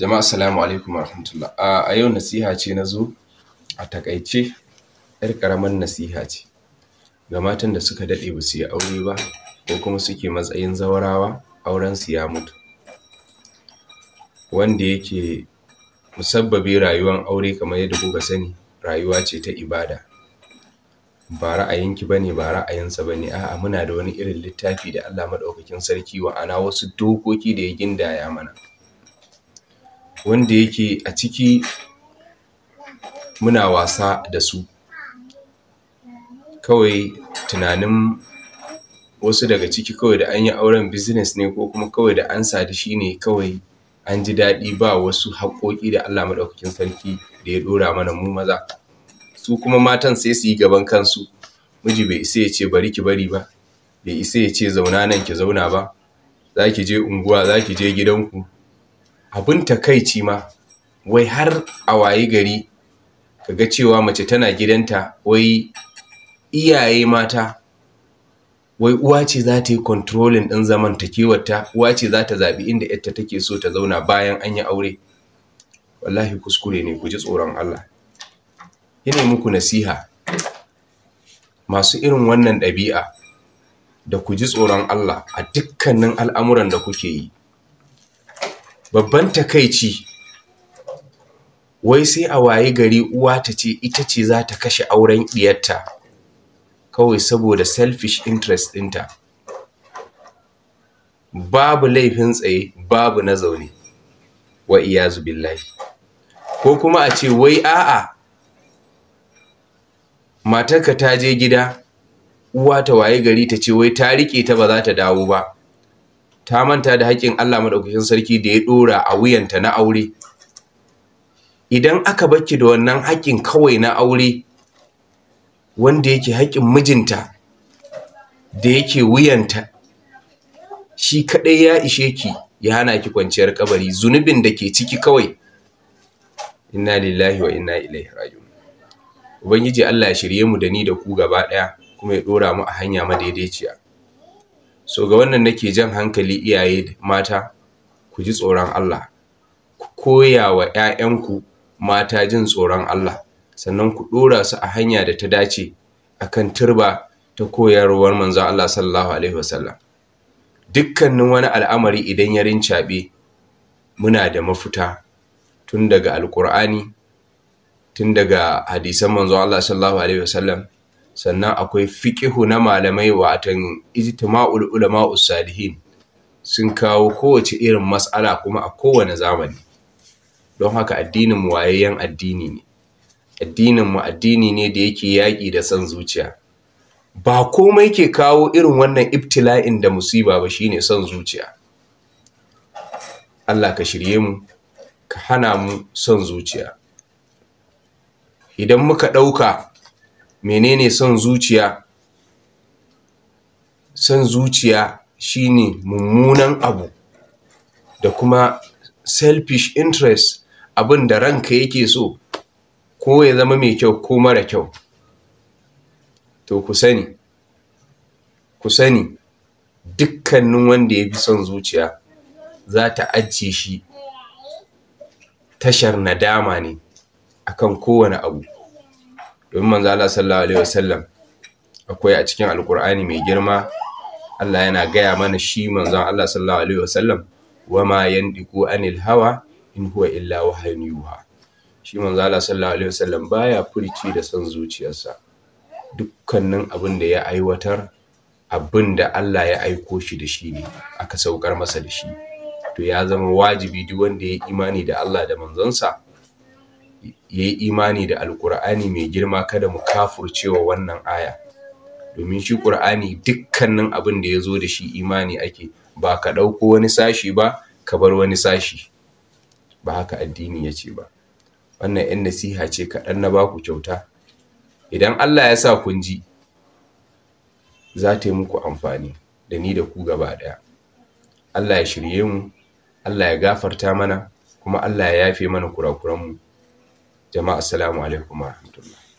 jama'a assalamu alaikum warahmatullah a yau nasiha ce na zo a takaice yar karamar nasiha ce ga matan da suka daɗe ba su yi aure ba ko kuma suke matsayin zawarawa auren su ya mutu wanda yake musabbabi rayuwar aure kamar yadda kuka sani rayuwa ce ta ibada ba ra'ayinki bane ba ra'ayinsa bane a'a muna da wani irin littafi da Allah madaukakin sarki wa'ana wasu dokoki da ya gindaya mana wanda yake a ciki muna wasa da su kawai tunanin wasu daga ciki kawai da an yi auren business ne ko kuma kawai da an sadu shi ne kawai an ji daɗi ba wasu haƙoƙi da Allah maɗaukakin sarki da ya ɗora mana mu maza su kuma matan sai su yi gaban kansu miji bai isa ya ce bari ki bari ba bai isa ya ce zauna nan ki zauna ba za ki je unguwa za ki je gidanku abin takaici ma wai har a wayi gari ka ga cewa mace tana gidanta wai iyaye mata wai uwa ce za ta yi controlling ɗin kewarta uwa ce za ta zaɓi inda yarta take so ta zauna bayan an yi aure wallahi kuskure ne ku ji tsoron Allah yana muku nasiha masu irin wannan ɗabi'a da ku ji tsoron Allah a dukkanin al'amuran da kuke yi babban takaici wai sai a waye gari uwa ta ce ita ce za ta kashe auren ɗiyarta kawai saboda selfish interest ɗinta babu laifin tsaye babu na zaune wa iyazu billahi ko kuma a ce wai a'a matarka ta je gida uwa ta waye gari ta ce wai ta rike ta ba za ta dawo ba ta manta da haƙƙin Allah madaukakin sarki da ya ɗora a wuyanta na aure idan aka bakki da wannan haƙƙin kawai na aure wanda yake haƙƙin mijinta da yake wuyanta shi kaɗai ya ishe ki ya hana ki kwanciyar kabari zunubin da ke ciki kawai inna lillahi wa inna ilaihi raji'un ubangiji Allah ya shirye mu da ni da ku gaba daya kuma ya ɗora mu a hanya madaidaiciya so ga wannan nake jan hankali iyaye mata ku ji tsoron Allah ku koya wa 'ya'yanku mata jin tsoron Allah sannan ku ɗora su a hanya da ta dace akan turba ta koyarwar manzon Allah sallallahu alaihi wasallam dukkanin wani al'amari idan ya rincaɓe muna da mafita tun daga Alƙur'ani tun daga hadisan manzon Allah sallallahu alaihi wasallam sannan akwai fiƙihu na malamai watan ijtima'ul ulama'u salihin sun kawo kowace irin matsala kuma a kowane zamani don haka addinin mu wayayyen addini ne addinin mu addini ne da yake yaƙi da san zuciya ba komai ke kawo irin wannan ibtila'in da musiba ba shine son zuciya Allah ka shirye mu ka hana mu son zuciya idan muka ɗauka menene son zuciya son zuciya shine mummunan abu da kuma selfish interest abin da ranka yake so ko ya zama mai kyau ko mara kyau to ku sani ku sani dukkanin wanda ya fi son zuciya za ta ajiye shi tashar nadama ne akan kowane abu domin manzo Allah sallallahu alaihi wasallam akwai a cikin alkur'ani mai girma Allah yana gaya mana shi manzo Allah sallallahu alaihi wasallam ma yandiku anil hawa in huwa illa wahyun yuha shi manzo Allah sallallahu alaihi wasallam baya furci da san zuciyarsa dukkanin abin da ya aiwatar abin da Allah ya aiko shi da shi ne aka saukar masa da shi to ya zama wajibi duk wanda ya imani da Allah da manzonsa ya yi imani da alkur'ani mai girma kada mu kafurcewa wannan aya domin shi ƙur'ani dukkanin abin da ya zo da shi imani ake ba ka ɗauko wani sashi ba ka bar wani sashi ba haka addini ya ce ba wannan 'yan nasiha ce kaɗan na baku kyauta idan allah ya sa kun ji za ta yi muku amfani da ni da ku gaba ɗaya allah ya shirye mu allah ya gafarta mana kuma allah ya yafe mana kurakuranmu jama'a assalamu alaikum wa rahmatullah